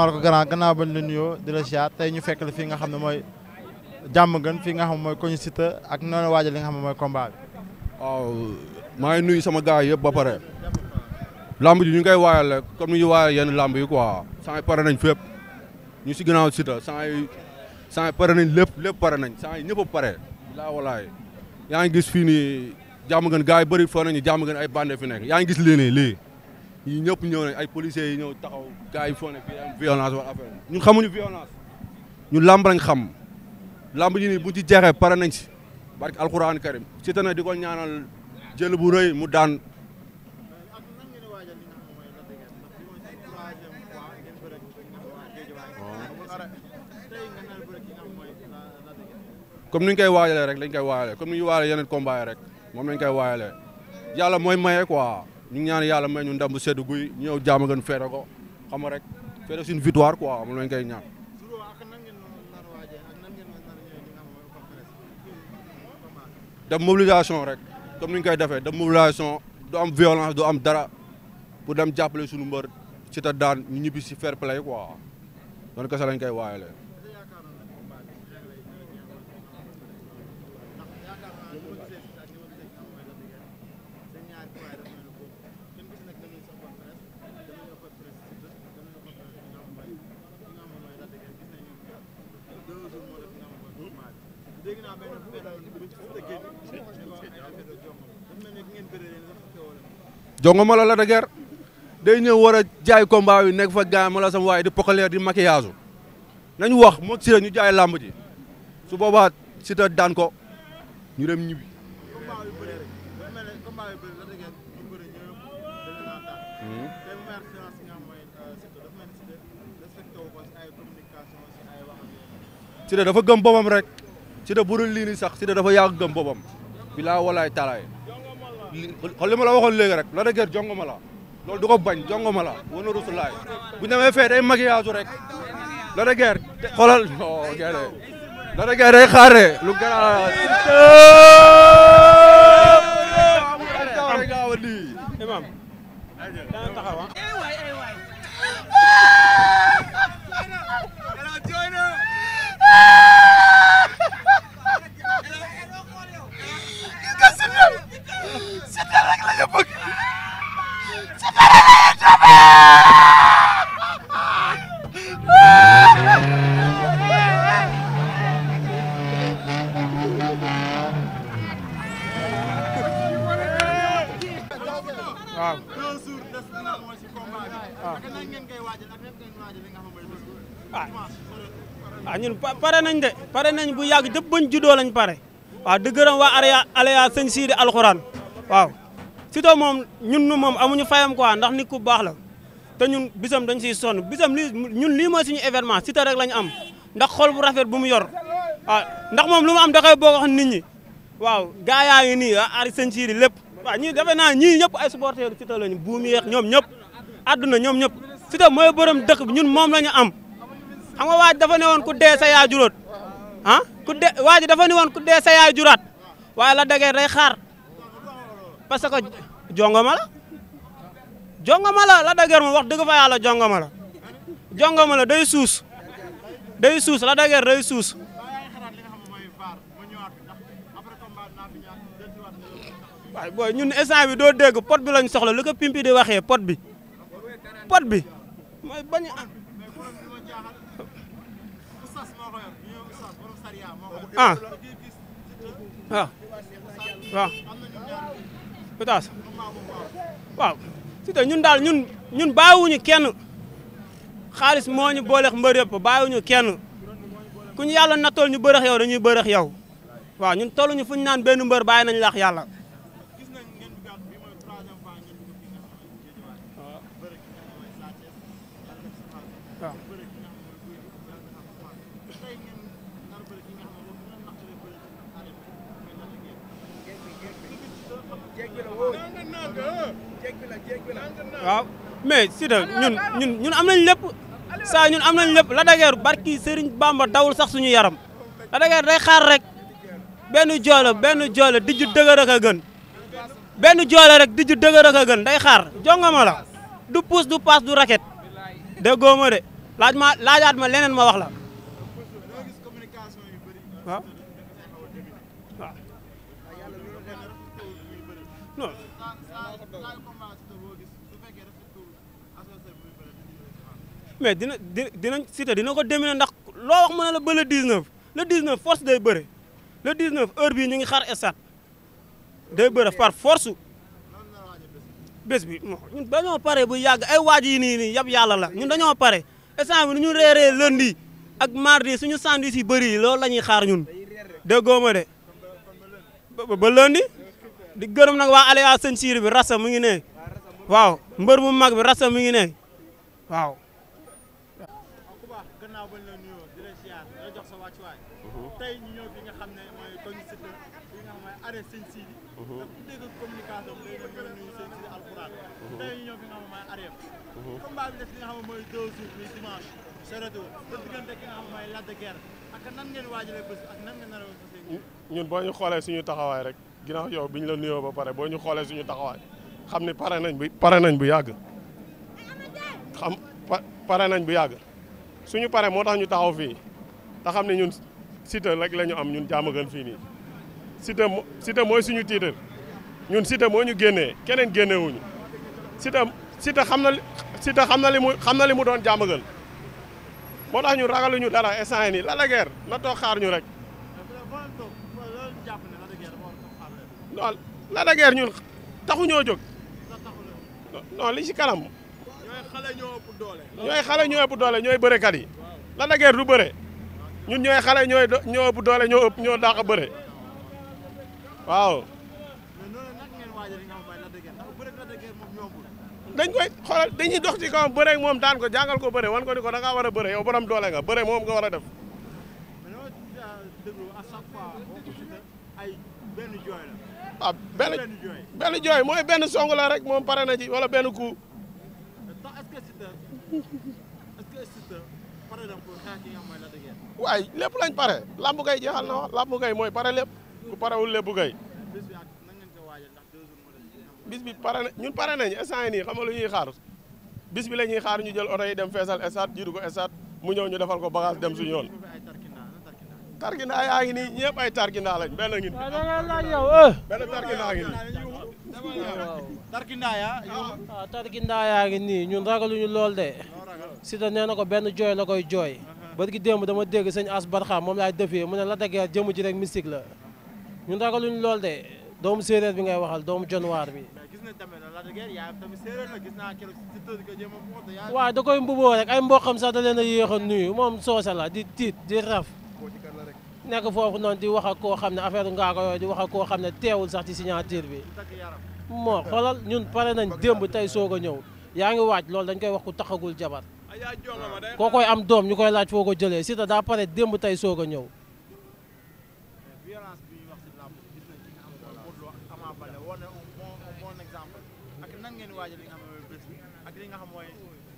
Marko Grand gannaaw bañ la nuyoo di tey ñu fekk la fii nga xam ne mooy jàmm gën fii nga xam mooy koñu Siteu ak noonu waajal li nga xam ne mooy combat bi. waaw maa ngi nuyu sama gars yëpp ba pare. lamb ji ñu ngi koy waayal rek comme ni ñu waayal yenn lamb yi quoi. sant pare nañ fépp ñu si gannaaw Siteu sant yi pare nañ lépp lépp pare nañ sant yi ñëpp a pare. laa walaay yaa ngi gis fii nii jàmm gën gars yi bëri foo nañu jàmm gën ay bande fi nekk yaa ngi gis lii lii. ñi ñëpp ñëw ay policiers yi ñëw taxaw gars yi foo ne fii am violence wala affaire xamuñu violence ñun làmb lañ xam làmb ji nii bu ci jeexee pare nañ ci barke alxuraan karim si te na ko ñaanal jël bu rëy mu daan comme ni ñu koy waajalee rek lañ koy waajalee comme ni ñu waajalee yeneen rek moom lañ koy waajalee yàlla mooy maye quoi ñu ñaan yàlla may ñu ndam bu sedd guy ñëw jaama gën feere ko xam rek feere suñu victoire quoi am lañ koy ñaan. dem mobilisation rek comme ni ñu koy defee dem mobilisation du am violence du am dara pour dem jàppale suñu mbër ci ta daan ñu ñibbi si fair play quoi doon kese lañ koy waayalee. jongo ma la la da day ñëw war a jaay combat yi nekk fa gaay ma la sam waaye di pokaleer di maquillage nañu wax moo Siteu ñu jaay làmb ji su boobaa Siteu daan ko ñu dem ñibbi hmm? Siteu dafa gëm boppam rek Siteu bu dul lii nii sax Siteu dafa yàgg gëm boppam bilaa walaay talaay kon li ma la léegi rek la da gër jongoma la loolu du bañ jongoma la wana rusulaay bu ñu demee fee day maquillage rek la da gër xoolal non gerte la da lu gara imam nañ de pare nañ bu yàgg jëpp bañ juddoo lañ pare waaw di gërëm waa Area Alaya sëñ Sidi alxuraan waaw Siteu moom ñun nu moom amuñu fayam quoi ndax nit ku baax la te ñun bisam dañ siy sonn bisam lii ñun lii mooy suñu événement Siteu rek lañ am ndax xol bu rafet bu mu yor a ndax moom lu am da koy bokk nit ñi waaw gaa yaa ngi nii ah ari sëñ Sidi lépp waaw ñii defe naa ñii ñëpp ay supporters Siteu lañu buum yeex ñoom ñëpp àdduna ñoom ñëpp Siteu mooy borom dëkk bi ñun moom la am xam nga waaj dafa ne woon ku dee sa yaay juróot ah waaj ne woon ku dee sa yaay juraat waaye la dëgër day xaar parce que jongoma la jongoma la la dëgër moom wax dëgg fa yàlla la jongoma la day suus day suus la dëgër day suus. booy ñun instant bi doo dégg pot bi lañ soxla lu ko pimpi di waxee pot bi pot bi mooy bañ ah, ah. ah. waaw waaw Oustaz ñun daal ñun ñun bàyyiwuñu kenn xaalis moo ñu booleex mbër yëpp bàyyiwuñu kenn ku ñu na nattool ñu bërëx yow dañuy bërëx yow waaw ñun tolluñu fu ñu naan benn mbër bàyyi nañ lax yàlla waaw mais Siteu ñun ñun ñun am nañ lépp saa ñun am nañ lépp la dageer barki Serigne Bamba dawul sax suñu yaram la dageer day xaar rek benn joolo benn joolo dijju dëgër ak a gën benn joolo rek dijju dëgër ak a gën day xaar jongama la du puus du paas du raket déggoo ma de laaj ma laajaat ma leneen ma wax la waaw mais dina di dinañ dina ko déminer ndax loo wax mu ne la ba le 19 le 19 force day bëre le 19 heure bii ñu ngi xaar stade day bëre par force bés bi ñun dañoo pare bu yàgg ay waaj yi nii nii yab yàlla la ñun dañoo pare instant bi nu ñu reeree lundi ak mardi suñu sandwich yi bëri yi loolu la ñuy xaar ñun déggoo ma de ba lundi di gërëm nag waa Alioune sëñ siir bi rasa mu ngi ne waaw mbër mu mag bi rasa mu ngi ne waaw lay ziar mhm. tey ñu ñëw fi nga xam ne mooy Koñu Siteu mhm. bi mhm. mooy arrêt combat nga xam ne mooy deux jours muy dimanche. Soreto te diggante ki nan ngeen waajalee bés ak nan ngeen nar a ñun boo ñu xoolee suñu taxawaay rek ginnaaw yow bi ñu la nuyoo ba pare boo ñu xoolee suñu taxawaay xam ni nañ bu pare nañ bu yàgg xam pare nañ bu yàgg suñu paree moo tax ñu taxaw fii te xam ne ñun Siteu rek la am ñun jaam fii nii Siteu Siteu mooy suñu titre ñun Siteu moo ñu génnee keneen génnewuñu Siteu Siteu xam na Siteu xam na li mu xam na li mu doon jaam moo tax ñun ragaluñu dara instant yii nii la la guerre na toog ñu rek. non la la guerre ñun taxuñoo jóg non li ci kanam. ñooy xale ñoo ëpp doole ñooy bërekat yi la dageer du bëre ñun ñooy xale ñooy ñoo ëpp doole ñoo ëpp ñoo dàq bëre waaw. dañ koy xoolal dañuy dox ci kawam bëre moom daan ko jàngal ko bëre wan ko ni ko da ngaa war a bëre yow borom doole nga bëre moom ga war a def. waaw ah, benn jooy mooy benn song rek moom pare na ci wala benn coup. waaye lépp lañ pare làmb gay jeexal na wax làmb gay mooy pare lépp ku parewul lépp gay bis bi pare na ñun pare nañ instant yi nii xam nga lu ñuy xaar bis bi la ñuy xaar ñu jël oto yi dem feesal stade jiitu ko stade mu ñëw ñu defal ko bagage dem suñu yoon tarkindaa yaa ngi nii ñëpp ay tarkindaa lañ benn ngi nii eh. tarkindaa ngi nii waaw tarki ndaayaa ah, ngi nii ñun ñu lool de Siteu nee na ko benn jooy la koy jooy uh-huh. bari ki démb dama dégg sëñ as barxaam moom laay defee mu ne la dagee jëmu ji rek mystique la ñun ragaluñu lool de doomu séeréer bi ngay waxal doomu jonwaar bi waaw da koy mbuboo rek ay mboqam sax da leen a yéex a nuyu moom soose la di tiit di raf nekk foofu noonu di wax ak koo xam ne affaire Ngaka yooyu di wax ak koo xam ne teewul sax ci signature bi moo xoolal ñun pare nañ démb tey soog a ñëw yaa ngi waaj loolu dañ koy wax ku taxagul jabar koo koy am doom ñu koy laaj foo ko jëlee Siteu daa pare démb tey soog a ñëw ak li nga xam mooy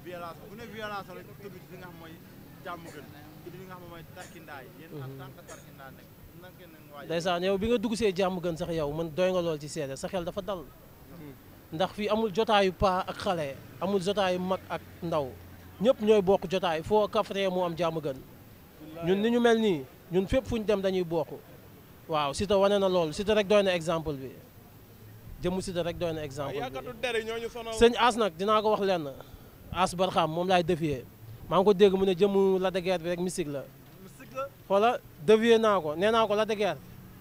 violence bu ne violence la tudd li mooy jàmm ndeysaan yow bi nga dugg see jàmm gën sax yow man doy nga lool ci seede sa xel dafa dal ndax fii amul jotaayu paa ak xale amul jotaayu mag ak ndaw ñëpp ñooy bokk jotaay foo kafree mu am jàmm gën ñun ni ñu mel nii ñun fépp fu ñu dem dañuy bokk waaw Siteu wane na loolu Siteu rek doy na exemple bi jëmm Siteu rek doy na exemple bi sëñ As nag dinaa ko wax lenn As Barxam moom laay défier maa ngi ko dégg mu ne jëmu Lac bi rek mystique la. mystique la xoola naa ko nee naa ko Lac de Guiers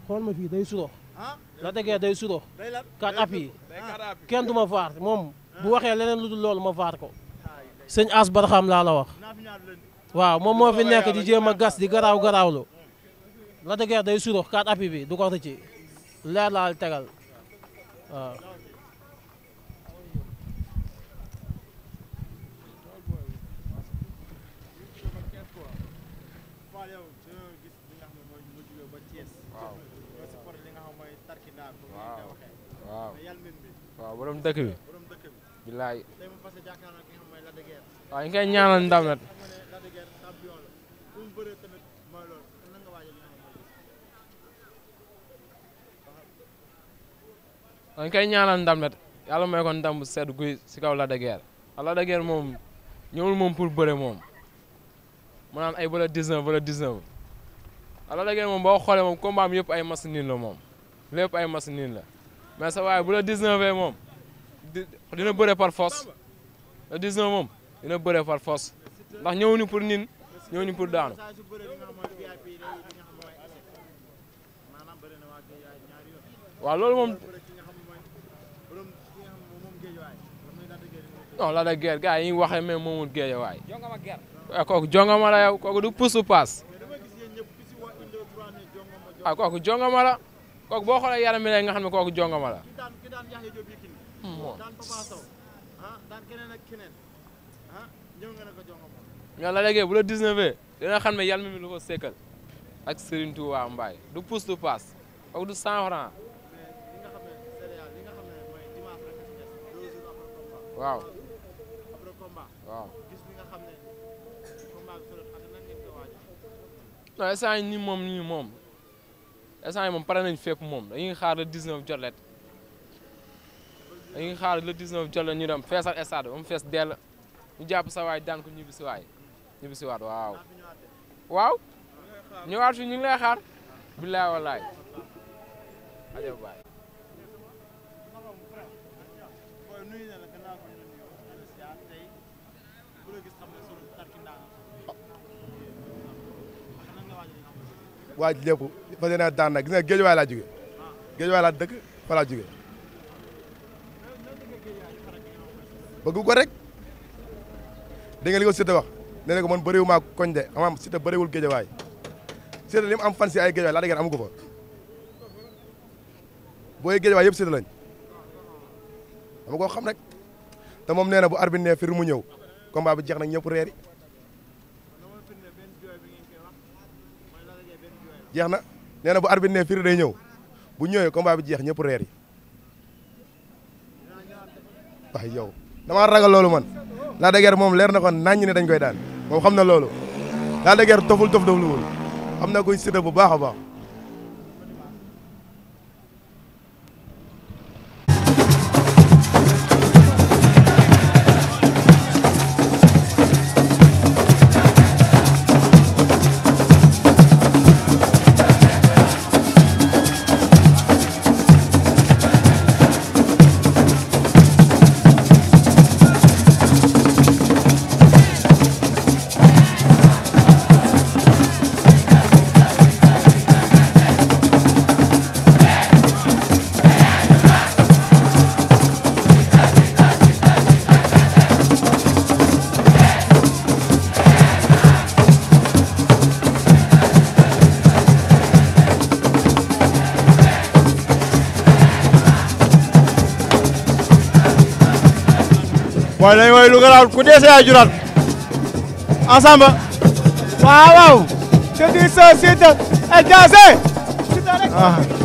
xool ma fii day suro. Ah? Lac de Guiers day suro. day lan quatre appuis ah, kenn du ma vaar moom. bu ah. waxee leneen lu dul ma vaar ko. sëñ As Barxam laa la wax. waaw moom moo fi nekk di jéem a gas di garaaw garaawlu. Lac de Guiers day suro quatre appuis bi du ko rëcc leer laal tegal waaw borom dëkk bi bilaay waaw ñu koy ñaanal ndam nag waaw ñu koy ñaanal ndam yàlla may ndam bu sedd guy si kaw Lac de Guiers Lac de Guiers moom ñëwul moom pour bëre moom mu naan ay bële 19 bële 19 Lac de Guiers moom boo xoolee moom combat am yëpp ay machine la moom lépp ay machine la mais sa waaye bu moom dina bëre par force le 19 moom dina bëre par force ndax ñëwuñu pour nin ñëwuñu pour daanu. waaw loolu moom non la da guerre gars yi ñu waxee mais moomul géejawaay waaw kok jongama la yow kooku du pousse passe waaw ah, kooku jongama la kooku boo xoolee yaram bi nga xam ne kooku jongama la moom ñoo la léegi bu la 19 dina xam ne yàlla mi lu ko sekkal ak Serigne Touba Mbaye du pousse du paas ak du 100 francs waaw waaw non instant yi nii moom nii moom instant pare nañ fépp moom dañuy xaar le 19 jot dañuy xaar le 19 jël ñu dem feesal stade ba mu fees dell ñu jàpp sa waay daan ko ñibbi waay ñibbi si waaw. waaw ñëwaat fi ñu ngi lay xaar billaay wallaay ajo baay waaj lépp ba dee naa daan nag gis nga géej waay laa jóge géej waay laa dëkk fa laa jóge bëgg ko rek dégg nga li ko wax nee na ko man bëriwuma ak koñ de xam nga Siteu bëriwul géejawaay Siteu li am fan si ay géejawaay laa dégg amu ko fa booy géejawaay yëpp Siteu lañ dama ko xam rek te moom nee bu arbitre ne fir mu ñëw combat bi jeex na ñëpp reeri jeex na nee bu arbin ne fir day ñëw bu ñëwee combat bi jeex ñëpp reeri waaye yow damaa ragal loolu man Lac de moom leer na ko naññ ne dañ koy daan moom xam na loolu Lac de Guiers toful tof dofluwul xam na koy Siteu bu baax baax booy lay woy lu ku dese ay jural ensemble waaw waaw c'est du soo